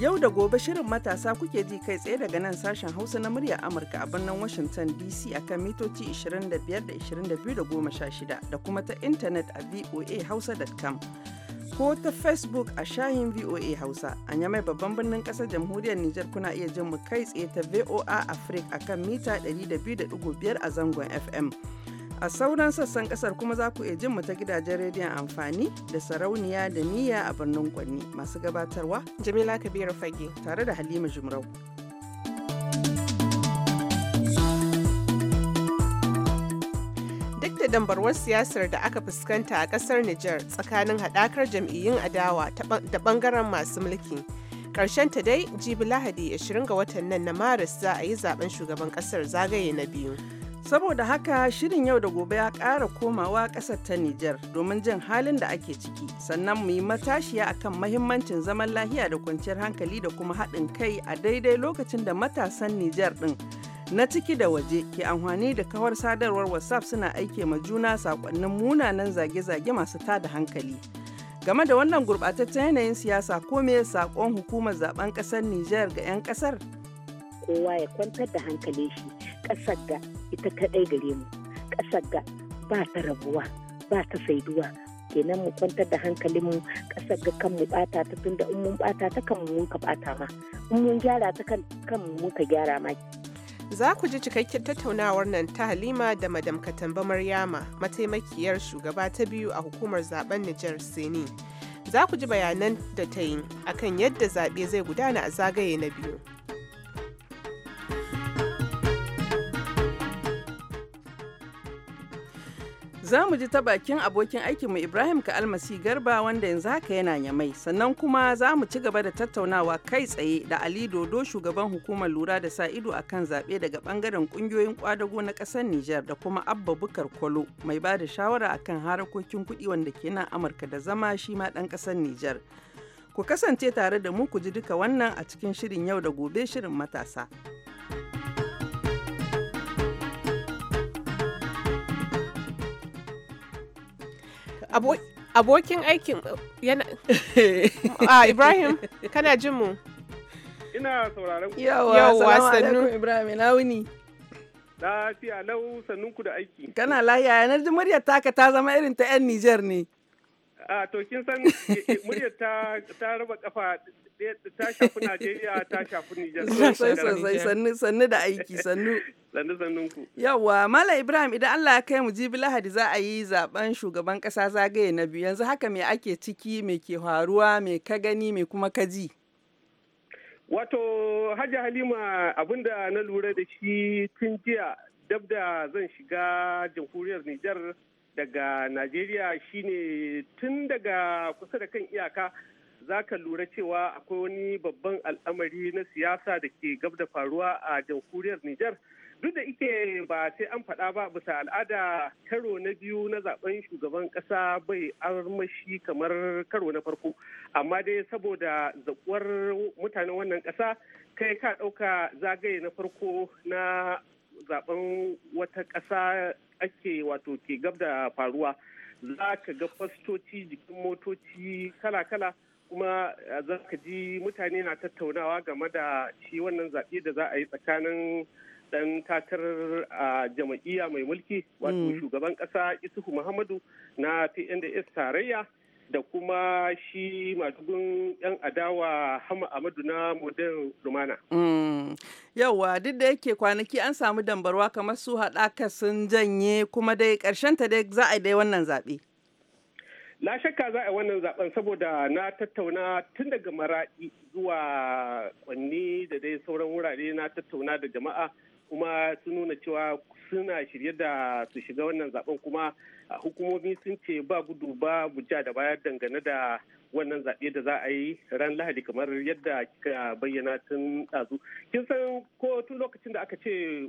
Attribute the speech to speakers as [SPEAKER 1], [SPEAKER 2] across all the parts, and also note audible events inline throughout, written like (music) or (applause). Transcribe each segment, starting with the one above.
[SPEAKER 1] Yau da gobe shirin matasa kuke ji kai tsaye daga nan sashen Hausa na murya Amurka a birnin Washington DC akan mitoci 25 da 22 da da kuma ta intanet a voahausa.com. ko ta Facebook a shahin VOA Hausa. An babban birnin ƙasar jamhuriyar Nijar kuna iya jin mu kai tsaye ta VOA Africa akan mita 102.5 a zangon FM. A sauran sassan kasar kuma za ku iya jin mu ta gidajen rediyon amfani da sarauniya da niyya a birnin Kwanni masu gabatarwa Jamila Kabiru Fage tare da Halima Jumrau.
[SPEAKER 2] Duk da dambarwar siyasar da aka fuskanta a kasar Nijar tsakanin haɗakar jam'iyyun adawa da bangaren masu mulki. ta dai jibi lahadi 20 ga watan nan na maris za a yi zaben shugaban kasar zagaye na biyu Saboda haka
[SPEAKER 1] shirin yau da gobe ya ƙara komawa ƙasar ta Nijar domin jin halin da ake ciki, sannan mu yi matashiya kan mahimmancin zaman lahiya da kwanciyar hankali da kuma haɗin kai a daidai lokacin da matasan Nijar ɗin na ciki da waje ke amfani da kawar sadarwar WhatsApp suna aike ma juna sakonnin munanan zage-zage masu tada hankali. Game da wannan gurɓataccen yanayin siyasa ko me saƙon hukumar zaben ƙasar Nijar ga 'yan ƙasar?
[SPEAKER 3] Kowa ya kwantar da hankali shi ƙasar da ita kaɗai gare mu ƙasar da ba ta rabuwa ba ta saiduwa kenan mu kwantar da hankalinmu ƙasar ga kan mu ɓata ta tunda in mun ɓata ta kan mun ka ɓata ma in mun gyara ta kan mun ka gyara ma
[SPEAKER 2] za ku ji cikakken tattaunawar nan ta halima da madam katamba maryama mataimakiyar shugaba ta biyu a hukumar zaben nijar seni za ku ji bayanan da ta yi akan yadda zaɓe zai gudana a zagaye na biyu
[SPEAKER 1] Za mu ji ta bakin abokin aikinmu Ibrahim Ka'almasi Garba wanda yanzu haka yana nyamai Sannan kuma za mu ci gaba da tattaunawa kai tsaye da Ali Dodo shugaban hukumar lura da sa ido akan kan zaɓe daga ɓangaren ƙungiyoyin kwadago na ƙasar Nijar da kuma Abba Bukar Kwalo mai ba da shawara akan kan harakokin kuɗi wanda ke nan Amurka da zama shi ma ɗan ƙasar Nijar. Ku kasance tare da mu ku ji duka wannan a cikin shirin yau da gobe shirin matasa.
[SPEAKER 2] abokin aikin uh, yana a (laughs) ah, ibrahim kana jin mu
[SPEAKER 4] ina sauraron ku yawa sannu
[SPEAKER 2] ibrahim ina wuni
[SPEAKER 4] lafiya lau sannun ku da aiki
[SPEAKER 1] kana lafiya yanar jimuriyar taka ta zama irin ta yan nijar ne
[SPEAKER 4] a to kin san muryar ta ta raba kafa ta shafi Najeriya ta shafi Nijar sai sai sannu sannu da aiki sannu sannu sannun
[SPEAKER 1] yawa Mala Ibrahim idan Allah ya kai mu jibi Lahadi za a yi zaben shugaban kasa zagaye na biyu yanzu haka me ake ciki me ke faruwa me ka gani me kuma ka ji
[SPEAKER 4] Wato Hajji Halima abinda na lura da shi tun jiya dab da zan shiga jamhuriyar Nijar daga najeriya shine tun daga kusa da kan iyaka za ka lura cewa akwai wani babban al'amari na siyasa da ke gab da faruwa a jamhuriyar Nijar. Duk da ike ba sai an faɗa ba bisa al'ada karo na biyu na zaben shugaban ƙasa bai armashi kamar karo na farko. Amma dai saboda zakuwar mutanen wannan ƙasa kai ka ɗauka zagaye na farko na zaben wata ƙasa ake wato ke gab da faruwa za ka ga fastoci jikin motoci kala-kala kuma eh, za ka ji mutane na tattaunawa game da shi wannan zaɓe da za a yi tsakanin ɗan takarar a jama'iyya mai mulki wato mm. shugaban ƙasa isuhu muhammadu na pnds tarayya da kuma shi madugun 'yan adawa hama amadu na modern lumana.
[SPEAKER 1] Mm. yauwa duk da yake kwanaki an samu dambarwa kamar su haɗaka sun janye kuma dai ta dai za a dai wannan zaɓe.
[SPEAKER 4] na shakka za a yi wannan zaɓen saboda na tattauna tun daga maraɗi zuwa kwanni da dai sauran wurare na tattauna da jama'a kuma sun nuna cewa suna shirye da su shiga wannan zaben kuma hukumomi sun ce ba gudu ba buja da baya dangane da wannan zaɓe da za a yi ran lahadi kamar yadda kika bayyana tun ɗazu kin san ko tun lokacin da aka ce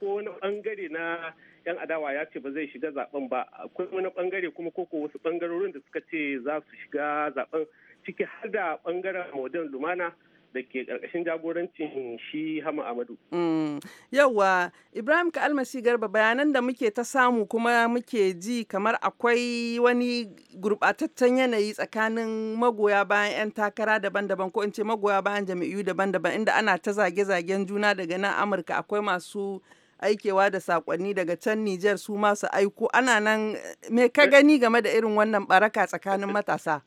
[SPEAKER 4] ko wani ɓangare na yan adawa ya ce ba zai shiga zaben ba akwai wani ɓangare kuma ko ko wasu ɓangarorin da suka ce za su shiga zaben ciki har da ɓangaren modern lumana da ke ƙarƙashin jagorancin shi Hama Amadu. Mm.
[SPEAKER 1] Yawwa Ibrahim ka almasi garba bayanan da muke ta samu kuma muke ji kamar akwai wani gurɓataccen yanayi tsakanin magoya bayan 'yan takara daban-daban ko in ce magoya bayan jami'u daban-daban inda ana ta zage-zagen juna daga nan Amurka akwai masu aikewa da sakonni daga can Nijar su masu aiko ana nan me ka eh. gani game da irin wannan baraka tsakanin matasa.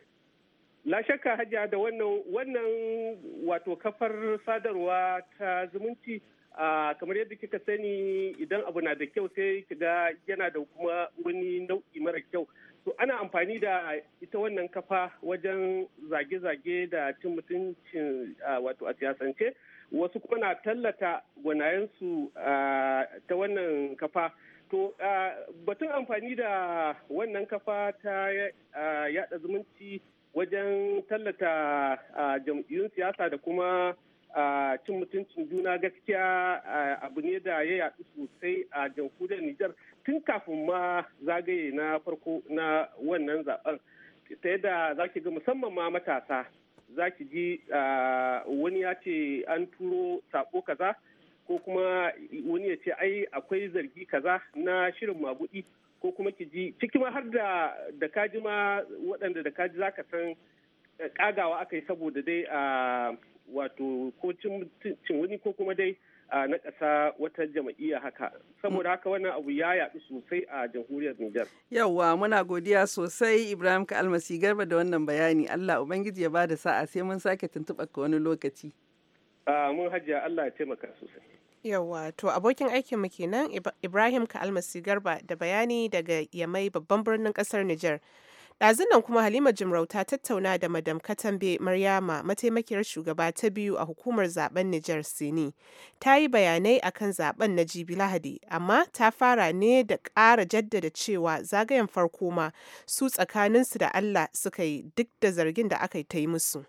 [SPEAKER 4] La shakka hajja da wannan wannan wato kafar sadarwa ta zumunci kamar yadda kika sani idan abu na da kyau sai kiga yana da kuma wani nau'i mara kyau. To ana amfani da ita wannan kafa wajen zage-zage da cin mutuncin wato a siyasance wasu kuma na tallata gwanayensu ta wannan kafa. To batun amfani da wannan kafa ta yada zumunci. wajen tallata jam'iyyun siyasa da kuma cin mutuncin juna gaskiya abu ne da ya yaɗu sosai a jamhuriyar Nijar tun kafin ma zagaye na farko na wannan zaben ta yadda za ki ga musamman ma matasa za ki ji wani ya ce an turo sako kaza ko kuma wani ya ce ai akwai zargi kaza na shirin maguɗi ko kuma ki ji ciki ma har da da kaji ma waɗanda da kaji za ka san kagawa eh, aka yi saboda dai a ah, wato ko cin wani ko kuma dai ah, na ƙasa wata jama'iyya haka saboda haka wannan abu ya yaɗu sosai a jamhuriyar Nijar.
[SPEAKER 1] Yawwa muna godiya sosai Ibrahim ka almasi garba da wannan bayani Allah Ubangiji ya bada sa'a sai mun sake tuntuɓa ka wani lokaci.
[SPEAKER 4] Ah, mun hajiya Allah ya taimaka sosai.
[SPEAKER 2] Yawwa, to abokin aikin aikinmu kenan Ibrahim almasi Garba da bayani daga Yamai babban birnin kasar Nijar. Ɗazunan kuma Halima Jimrau ta tattauna da Madam Katambe Maryama mataimakiyar shugaba ta biyu a hukumar zaben Nijar Sini. Ta yi bayanai akan zaben na Jibi Lahadi, amma ta fara ne da ƙara jaddada cewa zagayen farko ma su tsakaninsu da Allah suka yi duk da zargin da aka yi ta yi musu.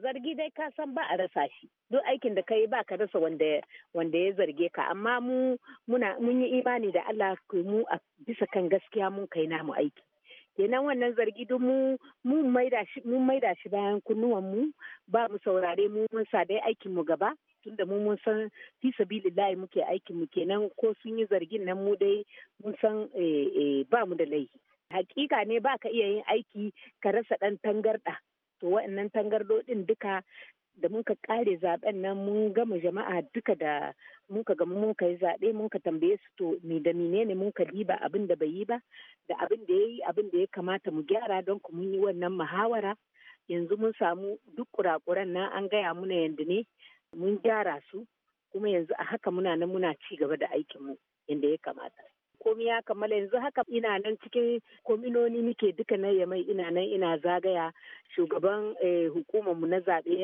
[SPEAKER 3] zargi dai ka san ba a rasa shi duk aikin da kai ba ka rasa wanda wanda ya zarge ka amma mu muna mun yi imani da Allah mu a bisa kan gaskiya mun kai namu aiki kenan wannan zargi duk mu mun maida shi maida shi bayan kunnuwan mu ba mu saurare mu mun sa dai aikin mu gaba tunda mu mun san fi sabilillahi muke aikin mu kenan ko sun yi zargin nan mu dai mun san eh, eh, ba mu da laifi hakika ne ba ka iya yin aiki ka rasa dan tangarda to wa'annan tangardodin duka da muka kare zaben nan mun gama jama'a duka da muka gama muka yi zaɓe muka tambaye su to ni da mine ne muka diba abin da bai yi ba da abin da ya yi abin da ya kamata mu gyara don ku mun yi wannan muhawara yanzu mun samu duk kurakuran nan an gaya muna yanda ne mun gyara su kuma yanzu a haka muna nan muna ci gaba da aikin mu yanda ya kamata. komai ya kammala yanzu haka ina nan cikin kominoni muke duka na yamai ina nan ina zagaya shugaban eh, hukumar mu na zaɓe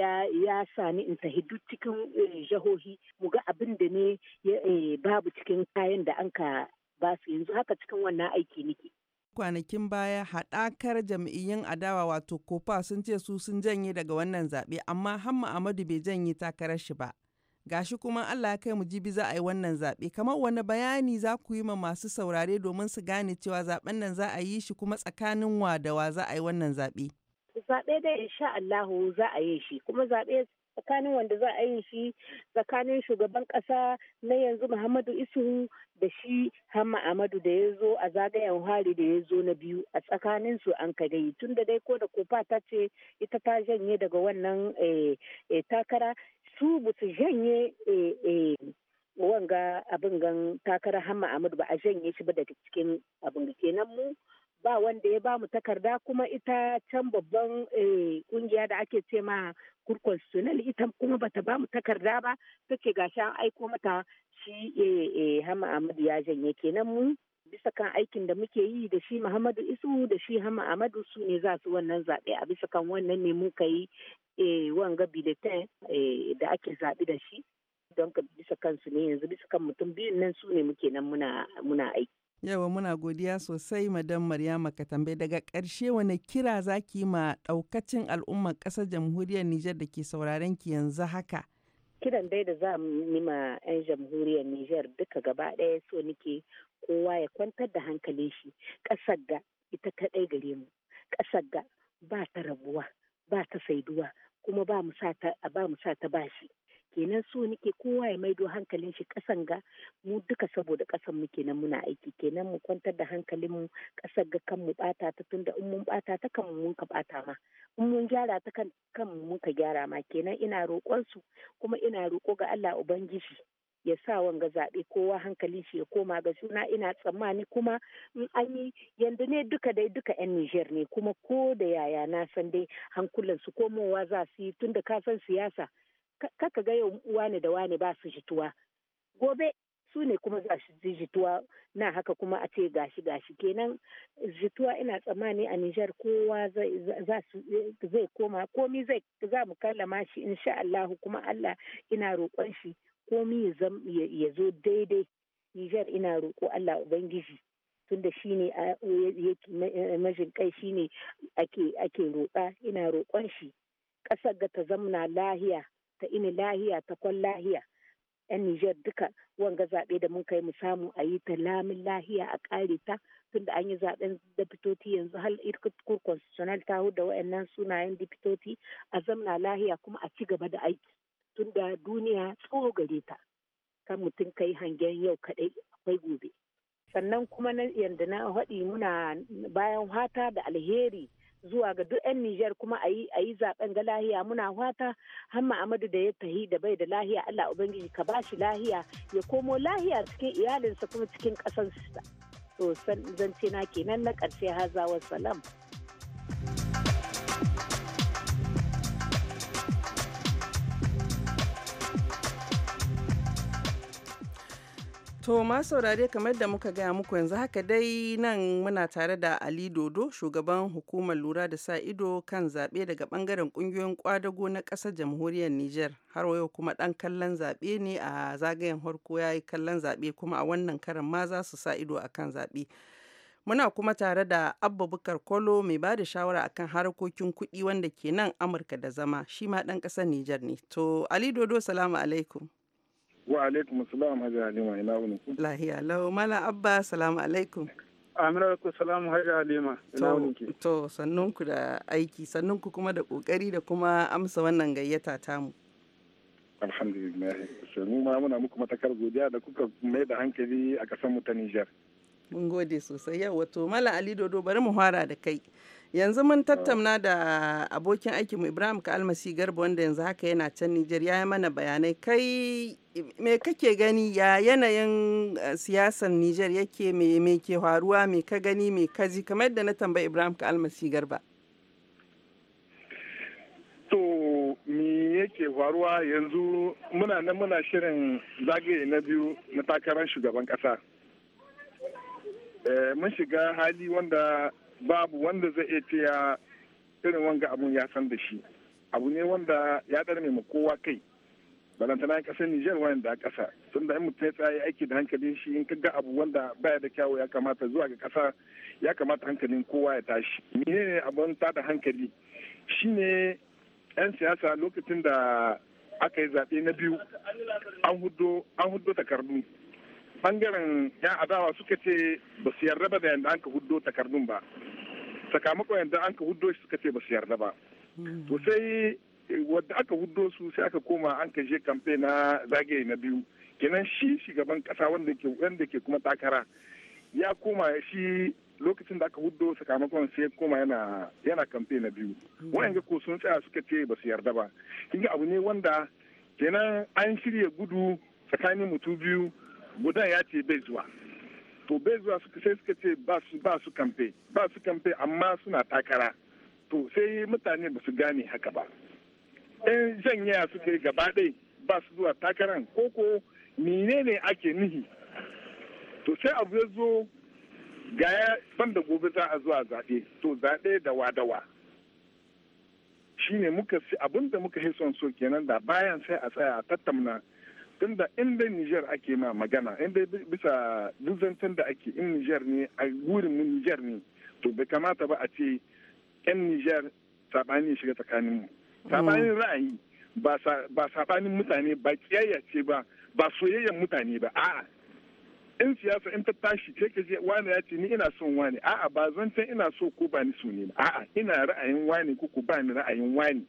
[SPEAKER 3] ya sani in tahi duk cikin eh, jahohi mu ga abin da ne eh, babu cikin kayan da an ka basu yanzu haka cikin wannan aiki nike.
[SPEAKER 1] kwanakin baya haɗakar jam'iyyun adawa wato kofa sun ce su sun janye daga wannan zaɓe amma hamma amadu bai janye takarar shi ba gashi kuma Allah ya kai mu jibi za a yi wannan zaɓe kamar wani bayani za ku yi ma masu saurare domin su gane cewa zaɓen nan za a yi shi kuma tsakanin wa da wa za a yi wannan zaɓe.
[SPEAKER 3] Zaɓe dai insha Allahu za a yi shi kuma zaɓe tsakanin wanda za a yi shi tsakanin shugaban ƙasa na yanzu Muhammadu Isu da shi Hamma Ahmadu da ya zo a zagayen hari da ya zo na biyu a tsakanin su an ka dai tunda dai ko da kofa ta ce ita ta janye daga wannan eh, eh, takara su ba su janye eh, eh, wanga abin gan takarar hama amadu ba a janye shi ba daga cikin abin da kenan mu ba wanda ya bamu takarda kuma ita can babban eh, kungiya da ake ce ma kurkonstitutional ita kuma bata bamu takarda ba take gashi an aiko mata shi hama amadu ya janye kenan mu bisa kan aikin da muke yi da shi Muhammadu Isu da shi Hama Amadu su ne za su wannan zaɓe a bisa kan wannan ne muka yi eh, wanga biletin eh, da ake zaɓi da shi don ka bisa kansu ne yanzu bisa kan mutum biyun nan su ne muke nan muna aiki.
[SPEAKER 1] Yawa muna godiya sosai madam Maryama Katambe daga karshe wani kira zaki yi ma ɗaukacin al'ummar ƙasar jamhuriyar Nijar da ke sauraren ki yanzu haka.
[SPEAKER 3] Kiran dai da za mu nima 'yan jamhuriyar Nijar duka gaba ɗaya so nike kowa ya kwantar da hankalin shi ƙasar ga ita kaɗai gare mu ƙasar ga ba ta rabuwa ba ta saiduwa kuma ba mu sa ta bashi kenan so nake kowa ya maido hankalin shi kasan ga mu duka saboda kasan mu kenan muna aiki kenan mu kwantar da hankalin mu kasar ga kan mu bata ta tunda in mun bata ta kan mun ka bata ma in mun gyara ta kan kan mun ka gyara ma kenan ina roƙon su kuma ina roƙo ga Allah ubangiji ya sa wanga zaɓe kowa hankali shi ya koma ga suna ina tsammani kuma in an yi yanzu ne duka dai duka 'yan Nijar ne kuma ko da yaya na san dai hankulan su komowa za su yi tunda ka san siyasa kaka ga yau wane da wane ba su jituwa gobe su ne kuma za su jituwa na haka kuma a ce gashi gashi kenan jituwa ina tsammani a Nijar kowa zai koma komi zai za mu kallama shi insha Allah kuma Allah ina roƙon shi komi ya zo daidai nijar ina roƙo allah ubangiji tunda shi ne mashin kai shi ne ake roƙa ina roƙon shi ƙasar ga ta zamna lahiya ta ini lahiya ta kwan lahiya yan Nijar duka wanga zaɓe da mun kai mu samu a yi ta lamin lahiya a ƙare ta tunda an yi zaɓen dipitoti yanzu har irkutur constitutional ta da wa'annan sunayen dipitoti a zamna lahiya kuma a ci gaba da aiki tunda duniya tsoho gare ta kan mutum kai hangen yau kaɗai akwai gobe sannan kuma na yadda na haɗi muna bayan hata da alheri zuwa ga duk 'yan Nijar kuma a yi zaɓen ga lahiya muna wata hamma Amadu da ya tahi da bai da lahiya Allah Ubangiji ka ba shi lahiya ya komo lahiya cikin iyalinsa kuma cikin ƙasansa. To zan ce na kenan na ƙarshe haza salam.
[SPEAKER 1] To ma saurare kamar da muka gaya muku yanzu haka dai nan muna tare da Ali Dodo shugaban hukumar lura da sa ido kan zaɓe daga ɓangaren ƙungiyoyin ƙwadago na ƙasar jamhuriyar Nijar har yau kuma ɗan kallon zaɓe ne a zagayen harko ya yi kallon zaɓe kuma a wannan karan ma za su sa ido a kan zaɓe. Muna kuma tare da Abba Bukar Kolo mai ba da shawara kan harkokin kuɗi wanda ke nan Amurka da zama shi ma ɗan ƙasar Nijar ne. To Ali Dodo salamu alaikum.
[SPEAKER 5] wa alaikum salam hajji halima ina wuni ku
[SPEAKER 1] lahiya lau mala abba salamu alaikum
[SPEAKER 5] amina alaikum salamu hajji halima ina wuni
[SPEAKER 1] ki to sannun ku da aiki sannun ku kuma da kokari da kuma amsa wannan gayyata tamu
[SPEAKER 5] alhamdulillah sannu ma muna muku matakar godiya da kuka mai da hankali a kasan mu ta Niger
[SPEAKER 1] mun gode sosai yau wato mala ali dodo bari mu fara da kai yanzu mun tattauna da abokin aikinmu ibrahim ka almasi garba wanda yanzu haka yana can nijar ya yi mana bayanai kai me kake gani ya yanayin eh, siyasar nijar yake me ke faruwa me ka gani me ka ji kamar yadda na tambayi ibrahim ka almasi garba
[SPEAKER 5] to me yake faruwa yanzu muna nan muna shirin zagaye na biyu na takarar shugaban kasa eh, mun shiga hali wanda babu wanda zai iya ya irin wanga abun ya san da shi abu ne wanda ya ɗarme ma kowa kai balantana kasar Nijar wayan da kasa tun da in mutum ya tsaye aiki da hankalin shi in ka ga abu wanda baya da kyawu ya kamata zuwa ga kasa ya kamata hankalin kowa ya tashi mene ne abun da hankali shine 'yan siyasa lokacin da aka yi zaɓe na biyu an hudo takardu bangaren ya adawa suka ce ba su yarda ba da yadda an ka huddo takardun ba sakamakon yadda an ka huddo shi suka ce ba su yarda ba hmm. to sai wadda aka huddo su sai aka koma an ka je kamfe na zagaye na biyu kenan shi shugaban kasa wanda ke wanda ke kuma takara ya koma shi lokacin da aka huddo sakamakon sai koma yana yana kamfe na biyu hmm. wayanga ko sun tsaya suka ce ba su yarda ba kinga abu ne wanda kenan an shirya gudu tsakanin mutu biyu gudan ya ce bai zuwa to bai zuwa sai suka ce ba su kamfe ba su kamfe amma suna takara to sai mutane ba su gane haka ba in janyaya suka yi gaba ɗai ba su zuwa takaran koko ne ake nihi to sai abu ya zo ga ya da gobe za a zuwa zaɓe to zaɓe da wadawa ne muka abinda da muka son so kenan da bayan sai a tsaya a tattauna tunda in dai Niger ake ma magana in dai bisa duk zancen da ake in Niger ne a gurin Niger ne to bai kamata ba a ce yan Niger sabani shiga tsakanin mu mm. sabanin ra'ayi ba sabanin mutane ba kiyayya ce ba ba soyayyen mutane ba a'a in siyasa in ta tashi ce ke je wani ya ce ni ina son wani a'a ba zancen ina so ko ba ni so ne a'a ina ra'ayin wani ko ku ba ni ra'ayin wani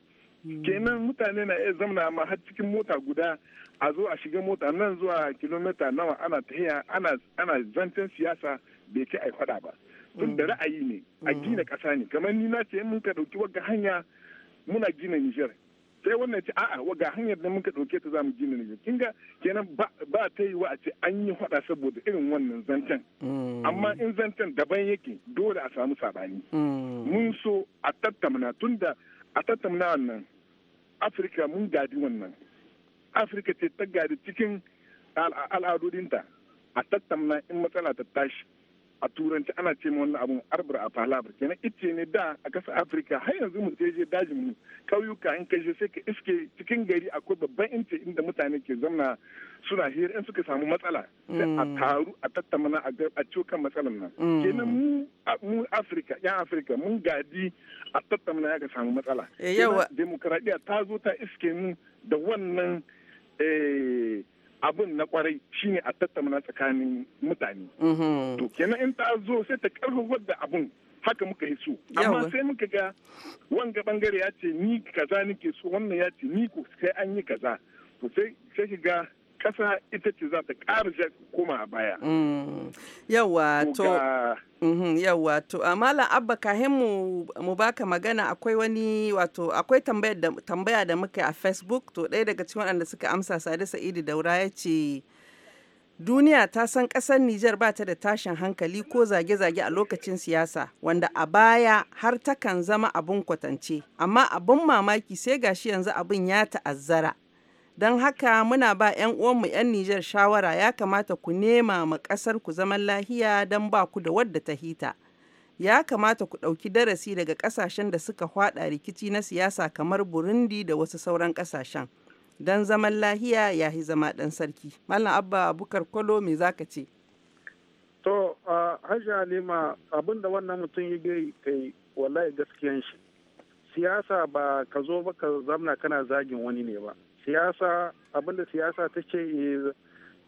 [SPEAKER 5] kenan mutane na iya zama ma har cikin mota guda a zo a shiga mota nan zuwa kilomita nawa ana tahiya ana ana zancen siyasa bai kai a' faɗa ba tun da mm. ra'ayi ne a mm. gina ƙasa ne kamar ni na ce mun ka ɗauki wagga hanya muna gina Nijar sai wannan ce a'a wagga hanyar da muka ɗauke ta zamu gina Nijar kin ga kenan ba ta yi wa a ce an yi faɗa saboda irin wannan zancen mm. amma in zancen daban yake dole a samu sabani
[SPEAKER 4] mun
[SPEAKER 5] so a tattauna da a tattamna wannan afirka mun gadi wannan afirka ce ta gadi cikin al'adodinta a tattamna in matsala ta tashi a turanci ana ce ma wannan abun arbur a palabra kenan ice ne da a ƙasar afirka har yanzu mu je dajin mu kauyuka in ka je sai ka iske cikin gari akwai babban ince inda mutane ke zamna suna hira in suka samu matsala sai a mm. taru a tattamana a cokan matsalan nan mm. kenan mu mu afirka yan afirka mun gadi a tattamana ya ka samu matsala eh, demokradiya ta zo ta iske mu da wannan eh abin na kwarai shine a tattauna tsakanin mutane
[SPEAKER 4] mhm. to
[SPEAKER 5] kenan in ta zo sai ta karfafa da abin haka muka yi su amma sai muka ga wanga bangare ya ce ni kaza nake so wannan ya ce ni ko sai an yi kaza to sai sai ga ƙasa ita ce za ta ƙara koma baya.
[SPEAKER 1] Mm. Mhm,
[SPEAKER 5] yawwa
[SPEAKER 1] to. yawwa to. Malam Abba kahin mu baka magana akwai wani wato akwai tambaya da muka a Facebook to ɗaya daga cikin waɗanda suka amsa Sade Sa'idu Daura ya ce. Duniya ta san ƙasar Nijar ba ta da tashin hankali ko zage-zage a lokacin siyasa, wanda a baya har takan zama abun kwatance, amma abin mamaki sai gashi yanzu abin ya ta'azzara. Don haka muna ba 'yan uwanmu 'yan Nijar shawara ya kamata ku nema ma ƙasar ku zaman lahiya don ba ku da wadda ta hita. Ya kamata ku ɗauki darasi daga ƙasashen da suka hwada rikici na siyasa kamar Burundi da wasu sauran ƙasashen. Don zaman lahiya ya yi zama ɗan sarki. Mallam Abba Bukar Kwalo me za ka ce?
[SPEAKER 6] To, Hajji Halima abinda wannan mutum ya kai wallahi gaskiyan shi. Siyasa ba ka zo ba ka zamna kana zagin wani ne ba. siyasa abinda siyasa ta ce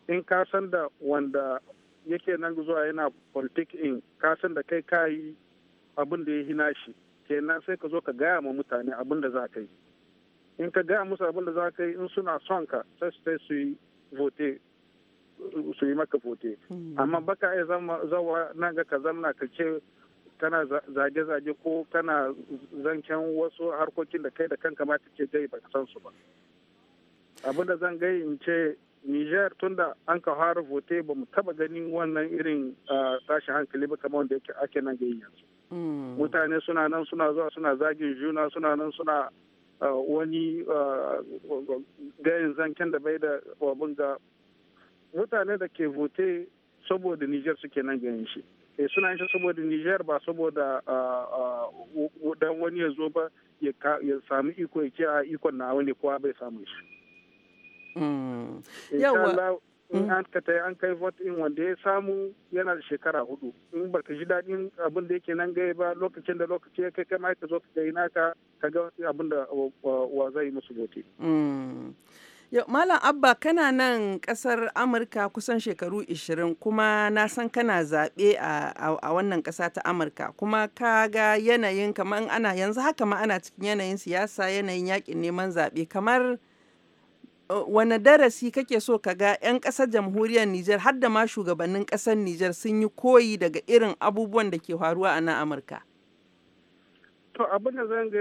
[SPEAKER 6] in ka san da wanda yake nan zuwa yana politik in ka san da kai kayi abin da ya hina shi kenan sai ka zo ka gaya ma mutane abin za ka yi in ka gaya musu abin za ka yi in suna son ka sai su su yi vote su yi maka vote hmm. amma baka iya zawa nan ga ka zanna ka ce kana zage-zage ko kana zancen wasu harkokin da kai da kanka ma ce dai ba san su ba abin da zan gai in ce niger tunda an ka fara vote ba mu taba ganin wannan irin tashin hankali ba kamar wanda yake ake nan gai yanzu hmm. mutane suna nan suna zuwa suna zagin juna suna nan suna wani gayin zanken da bai da abin ga mutane da ke vote saboda niger suke nan ganin shi eh, suna yin shi saboda niger ba saboda dan wani ya zo ba ya sami iko ya ce a ikon na wani kowa bai samu shi
[SPEAKER 1] Mm.
[SPEAKER 6] in mm. an ka an kai vote in wanda ya samu yana da shekara hudu in ba ka ji daɗin abin da yake nan gaya ba lokacin da lokaci ya kai kai ma ka zo ka yi naka ka ga abin da wa zai yi musu vote.
[SPEAKER 1] Mm. Malam Abba kana nan kasar Amurka kusan shekaru 20 kuma na san kana zaɓe a wannan ƙasa ta Amurka kuma ka ga yanayin kamar ana yanzu haka ma ana cikin yanayin siyasa yanayin yaƙin neman zaɓe kamar wane darasi kake so ka ga 'yan ƙasar jamhuriyar Nijar har da ma shugabannin ƙasar Nijar sun yi koyi daga irin abubuwan da ke faruwa a nan Amurka?
[SPEAKER 6] To abin da zan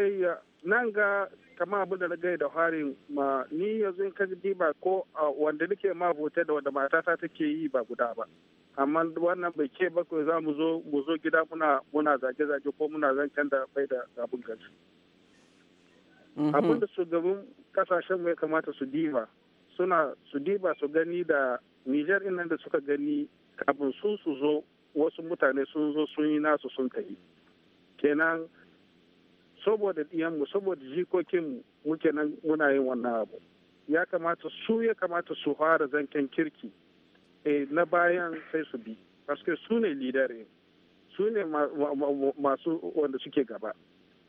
[SPEAKER 6] nan ga kama abin da gai da harin ma ni yanzu in ka ba ko wanda nake ma hoto da wanda matata take yi ba guda ba. Amma wannan bai ke ba za mu zo mu gida muna muna zage-zage ko muna zancen da bai da abin gaji. Mhm. abin da shugaban kasashen mai kamata su diba suna su diba su gani da nijar nan da suka gani kafin sun su zo wasu mutane sun zo sun yi nasu sun kai kenan saboda diyanmu saboda jikokinmu muke nan muna yin wannan abu ya kamata su ya kamata su fara zancen kirki eh, na bayan sai su bi su ne lidare su ne masu wanda suke gaba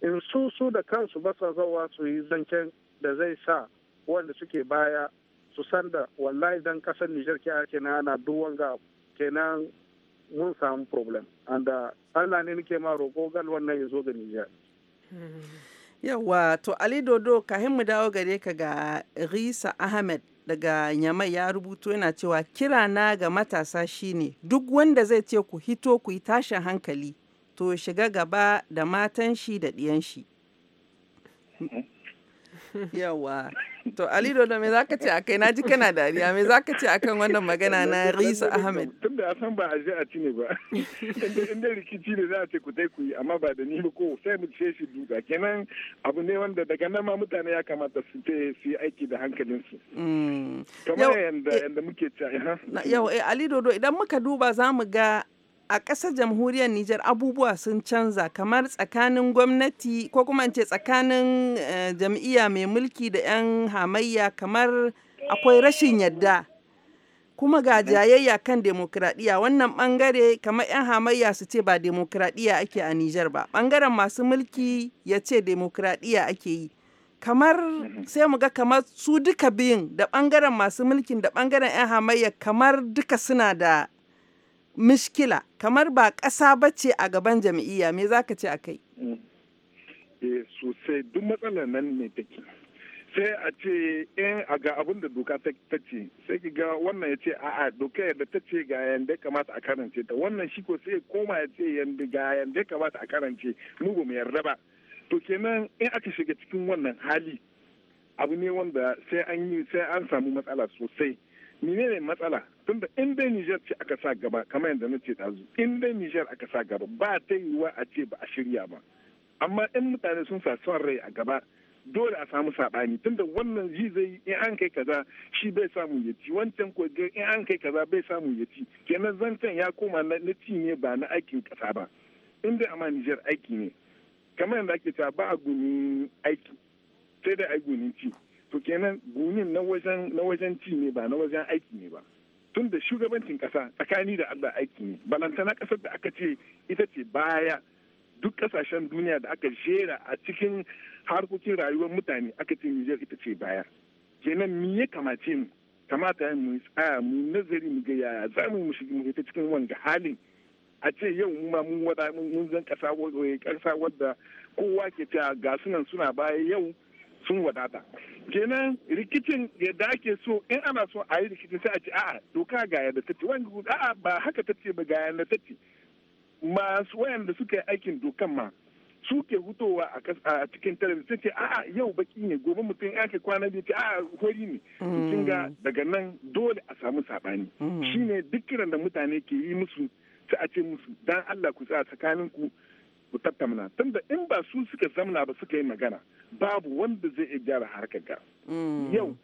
[SPEAKER 6] in su su da kansu ba sa zauwa su yi zancen da zai sa wanda suke baya su san da wallahi dan kasar Nijar ke kenan ana duk ga kenan mun samu problem and uh, Allah ne nake ma roƙo gal wannan ya zo ga Nijar.
[SPEAKER 1] Yawwa to Ali Dodo kahin mu dawo gare ka ga Risa Ahmed daga Nyamai ya rubuto yana cewa kira na ga matasa shine duk wanda zai ce ku hito ku yi tashin hankali to shiga gaba da matan shi da ɗiyan shi. (laughs) Yawa. To Ali Dodo me zaka ce a na naji kana dariya me zaka ce a kan wannan magana na Risa Ahmed.
[SPEAKER 5] Tun da san ba a je a ci ne ba. Inda rikici ne za a ce ku dai ku yi amma ba da ni ko sai mu ce shi duka kenan abu ne wanda daga nan ma mutane ya kamata su te su yi aiki da hankalinsu.
[SPEAKER 4] su. Mm.
[SPEAKER 5] Kamar yadda eh, muke ci. Eh, yau eh,
[SPEAKER 1] Ali Dodo idan muka duba za mu ga a ƙasar jamhuriyar Nijar abubuwa sun canza kamar tsakanin gwamnati ko kuma ce tsakanin eh, jam'iyya mai mulki da 'yan hamayya kamar akwai rashin yadda kuma ga jayayya kan demokradiyya wannan bangare kamar 'yan hamayya su ce ba demokradiyya ake a Nijar ba bangaren masu mulki ya ce demokradiyya ake yi kamar sai mu ga kamar su duka biyun da bangaren masu mulkin da bangaren 'yan hamayya kamar duka suna da mishkila kamar ba ƙasa ba ce a gaban jam'iyya me za ka ce a kai?
[SPEAKER 5] Eh, sosai duk matsalar nan ne take sai a ce in eh, a ga abin da doka ta ce sai ki ga wannan ya ce a'a doka yadda ta ce ga yadda kamata a karance ta wannan shi ko sai ya koma ya ce yadda ga yadda kamata a karance mu ba mu yarda ba to kenan in aka shiga cikin wannan hali abu ne wanda sai an yi sai an samu matsala sosai menene matsala tunda in dai Nijar ce aka sa gaba kamar yadda na ce ɗazu in dai Nijar aka sa gaba ba ta yiwuwa a ce ba a shirya ba amma in mutane sun sa son rai a gaba dole a samu saɓani tunda wannan ji zai in an kai kaza shi bai samu ya ci wancan ko in an kai kaza bai samu ya ci kenan zancen ya koma na ci ne ba na aikin kasa ba in dai amma Nijar aiki ne kamar yadda ake cewa ba a guni aiki sai dai a guni ci to kenan gunin na wajen ci ne ba na wajen aiki ne ba tun da shugabancin kasa tsakani da Allah aiki ne balantana kasar da aka ce ita ce baya duk kasashen duniya da aka jera a cikin harkokin rayuwar mutane aka ce Nijar ita ce baya kenan me ya kamace mu kamata mu tsaya mu nazari mu ga yaya za mu mu shiga mu ta cikin wanga halin a ce yau mu ma mun wada mun zan kasa wadda kowa ke ta ga sunan suna baya yau sun wadata kenan rikicin yadda ake so in ana so a yi rikicin sai a ce a'a doka ga yadda ta ce wani a'a ba haka ta ce ba ga yadda ta masu wayanda suka yi aikin dokan ma su ke hutowa a cikin talabi sai ce a'a yau baki ne gobe mutum ya ke kwana biyu ce a'a hori ne sun mm. ga daga nan dole a samu sabani mm. shine duk da mutane ke yi musu sai a ce musu dan Allah ku tsaya tsakanin ku ku tattauna tunda in ba su suka zamna ba suka yi magana babu wanda zai iya gyara harkar ga
[SPEAKER 4] mm. yau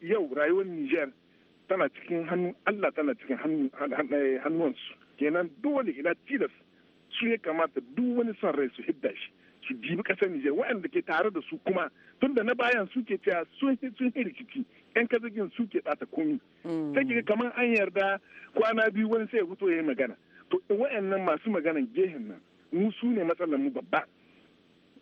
[SPEAKER 5] yau rayuwar Niger tana cikin hannun Allah tana cikin hannunsu eh, kenan dole ila tilas su ya kamata duk wani son rai su hidda shi su jibi kasar Nijar waɗanda ke tare da su kuma tunda na bayan suke cewa sun sun rikici yan kazagin suke ɓata komi mm. sai kika kamar an yarda kwana biyu wani sai ya fito ya yi magana to waɗannan masu maganan gehen nan mu su ne matsalar mu babba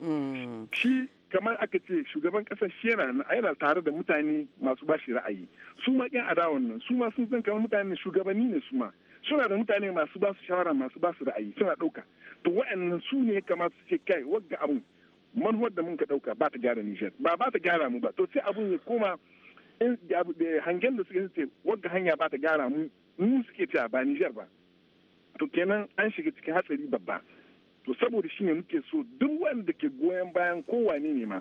[SPEAKER 5] mm. shi kamar aka ce shugaban ƙasa shi yana yana tare da mutane masu bashi ra'ayi su ma yan adawan nan su ma sun san kamar mutane shugabanni ne su ma suna da mutane masu ba su shawara masu ba su ra'ayi suna ɗauka to wa'annan su ne kamar su ce kai wagga abun manhuwar da mun ka ɗauka ba ta gyara Nijar ba ba ta gyara mu ba to sai abun ya koma eh, hangen da suke ce wagga hanya ba ta gyara mu mu suke ta ba Nijar ba to kenan an shiga cikin hatsari babba to saboda shi ne muke so duk wanda ke goyon bayan kowane ne ma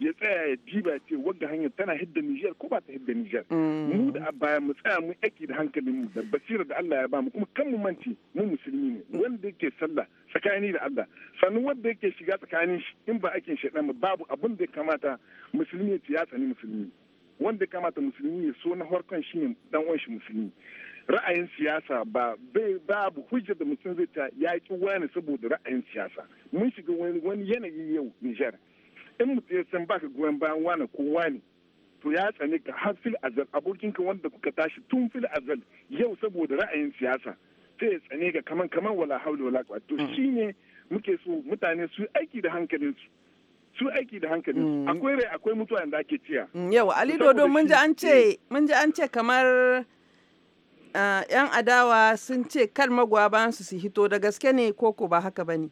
[SPEAKER 5] ya tsaya ya diba ce wagga hanyar tana hidda Nijar ko ba ta hidda Nijar. Mm. Mu da baya mu tsaya mu aiki da hankalin mu da basira da Allah ya ba mu kuma kan mu manci mu musulmi ne mm. wanda yake sallah tsakani da Allah sannan wanda yake shiga tsakanin shi in ba ake shaidan mu babu abin da ya kamata musulmi ya tsani musulmi wanda ya kamata musulmi ya so na harkon shi ne dan uwan shi musulmi ra'ayin siyasa ba bai babu hujjar da mutum zai ta ki wani saboda ra'ayin siyasa mun shiga wani yanayi yau Nijar in mutum ya san baka goyon bayan wani ko wani to ya tsane ka har fil azal ka wanda kuka tashi tun fil azal yau saboda ra'ayin siyasa sai ya tsane ka kaman kaman wala haula wala quwwata to mm. shine muke so mutane su aiki da hankalin su su aiki da hankali mm. akwai rai akwai mutuwa da ake ciya. Mm, yau Ali Dodo mun ji
[SPEAKER 1] an ce kamar 'yan adawa sun ce kar ba su su hito da gaske ne ko ko ba haka ba ne.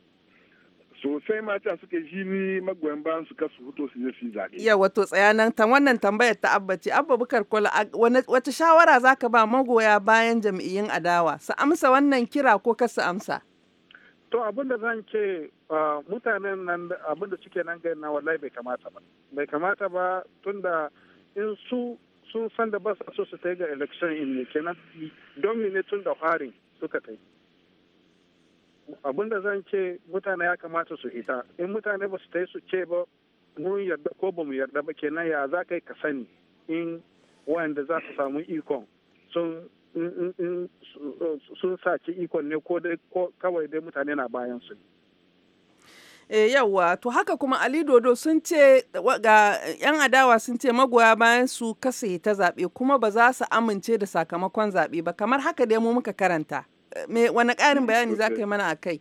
[SPEAKER 5] sosai mata suke jini magoyan bayan su kasu fito su je su zaɓe. Iya
[SPEAKER 1] wato tsayanan ta wannan tambayar ta abbaci abba bukar kwala wata shawara za ka ba magoya bayan jam'iyyun adawa su amsa wannan kira ko kasu amsa.
[SPEAKER 6] To abin da zan ce mutanen nan abin da suke nan gani na wallahi bai kamata ba. Bai kamata ba tunda in su sun san da ba su su tai ga election in ne kenan don ne tun da harin suka tai abinda zan ce mutane ya kamata su ita in mutane ba su tai su ce ba mun yarda ko ba mu yarda ba kenan ya za ka sani in wanda za su samu ikon sun sun saci ikon ne ko kawai dai mutane na bayan su
[SPEAKER 3] ne
[SPEAKER 1] E, eh, yawa to haka kuma Ali Dodo sun ce ga 'yan adawa sun ce magoya bayan su kasa ta zaɓe kuma ba za su amince da sakamakon zaɓe ba kamar haka dai mu muka karanta. Eh, me wani ƙarin mm, bayani za ka yi mana a kai?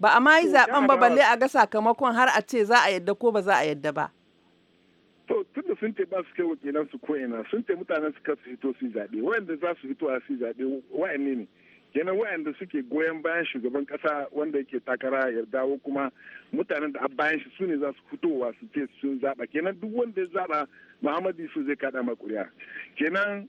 [SPEAKER 1] Ba a ma yi zaɓen ba balle a ga sakamakon har a ce za a yadda ko ba za a yadda ba.
[SPEAKER 5] To tunda sun ce ba su kai wakilan su ko ina sun ce mutanen su kasa fito su zaɓe wanda za su fito a su zaɓe wa'anne ne. kenan wayanda suke goyon bayan shugaban kasa wanda yake takara ya dawo kuma mutanen da bayan shi su za su fitowa su ce sun zaba kenan duk wanda ya zaba muhammadu yusuf zai kada ma kuri'a kenan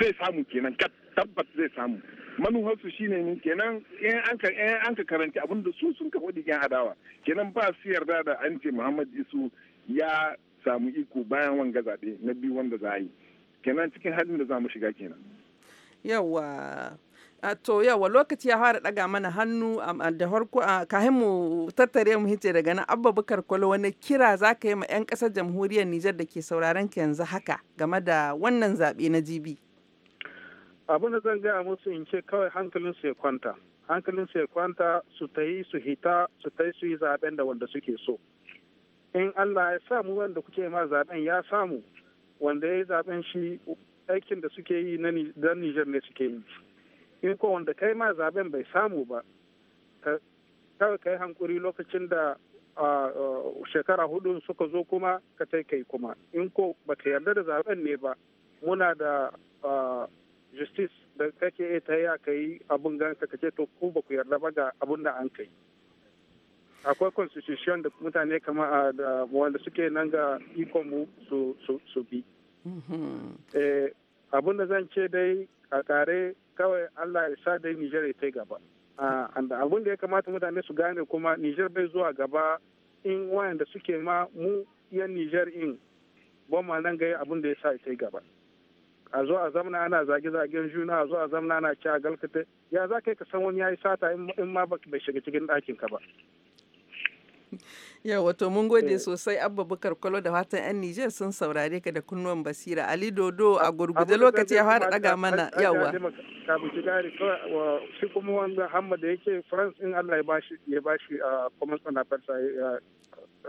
[SPEAKER 5] zai samu kenan kat tabbat zai samu manufarsu shine ne kenan in an ka in an ka karanci abin da su sun ka faɗi yan adawa kenan ba su yarda da an ce muhammadu yusuf ya samu iko bayan wanga zabe na biyu wanda za a yi kenan cikin halin da za mu shiga kenan
[SPEAKER 1] yawa to yawa lokaci ya fara daga mana hannu da farko kahin mu tattare mu hice daga nan abba bukar kwalo wani kira za ka yi ma 'yan kasar jamhuriyar nijar da ke sauraron ki yanzu haka game da wannan zaɓe na jibi
[SPEAKER 6] abin da zan gaya musu in ce kawai hankalin su ya kwanta hankalin su ya kwanta su ta yi su hita su ta yi su yi zaɓen da wanda suke so in allah ya samu wanda kuke ma zaɓen ya samu wanda ya yi zaɓen shi aikin da suke yi na nijar ne suke yi shi ko wanda kai ma zaben bai samu ba kawai kai hankuri lokacin da shekara hudu suka zo kuma ka kai kuma in ko ka yarda da zaben ne ba muna da justice da kake ta yi aka yi abin ganka ka ce to ku ba ku yarda ba ga abin da an kai akwai constitution da mutane kama da wanda suke nan ga ikon mu su bi
[SPEAKER 4] mm-hmm.
[SPEAKER 6] eh, abin da zan ce dai a kare kawai Allah ya sa dai Nijar ya ta gaba. Ah, abin da ya kamata mutane su gane kuma Nijar bai zuwa gaba in wayanda suke ma mu yan Nijar in ba ma nan gai abin da ya sa ta gaba. A zo a zamana ana zage-zagen juna a zo a zamana ana ci a ya za ka yi ka san wani ya yi sata in ma bai shiga cikin ɗakin ka ba.
[SPEAKER 1] (laughs) Yau wato mun gode eh. sosai Abba Bukar Kwalo da fatan 'yan Nijar sun saurare ka da kunnuwan basira. Ali Dodo a gurguje lokaci ya fara daga mana yawa.
[SPEAKER 6] amin Hamad yake France in Allah ya ya bashi a ah,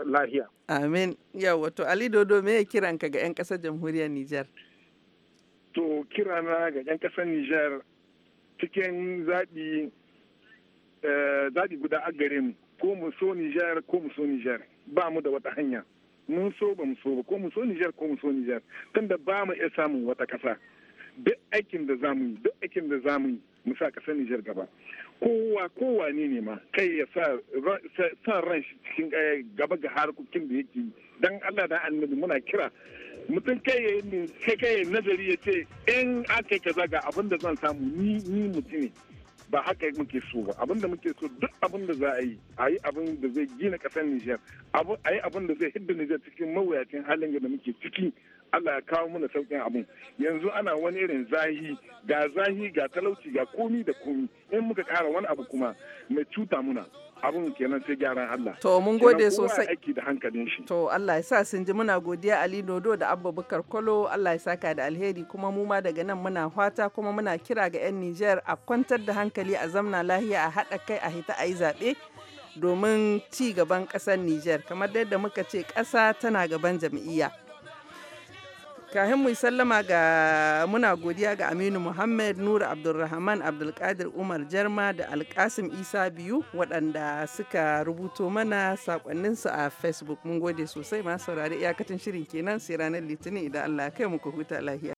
[SPEAKER 5] lahiya.
[SPEAKER 1] Amin. wato Ali Dodo me ya ka ga 'yan kasar jamhuriyar Nijar?
[SPEAKER 5] To kirana ga 'yan kasar Nijar cikin zaɓi eh, zaɓi guda a gare mu. ko mu so Nijar ko mu so Nijar ba mu da wata hanya mun so ba mu so ba ko mu so Nijar ko mu so Nijar tunda ba mu iya samun wata kasa duk aikin da zamu yi duk aikin da zamu yi mu sa kasa Nijar gaba kowa kowa ne ne ma kai ya sa sa ran shi cikin eh, gaba ga harkokin da yake dan Allah da annabi muna kira mutum kai ya kai kai nazari ya ce in aka kaza ga abin da zan samu ni ni mutum ne ba haka muke so ba abin da muke so duk abin da za a yi a yi abin da zai gina kasar nijar a yi abin da zai hidda nijar cikin mawuyacin halin da muke ciki Allah ya kawo mana sauƙin abin yanzu ana wani irin zahi ga zahi ga talauci ga komi da komi in muka kara wani abu kuma mai cuta muna abin kenan sai gyaran Allah to mun gode sosai aiki da hankalin shi
[SPEAKER 1] to Allah ya sa sun ji muna godiya Ali Dodo da Abba Bukar Kolo Allah ya saka da alheri kuma mu ma daga nan muna fata kuma muna kira ga 'yan Nijar a kwantar da hankali a zamna lahiya a haɗa kai a hita ayi yi zaɓe domin ci gaban ƙasar Nijar kamar yadda muka ce ƙasa tana gaban jam'iyya. kahin mu sallama ga muna godiya ga aminu muhammad nura abdulrahman abdulkadir umar jarma da alkasim isa biyu waɗanda suka rubuto mana sakonninsu a facebook mun gode sosai ma saurari iyakacin shirin kenan sai ranar litinin idan allah kai muku huta lahiya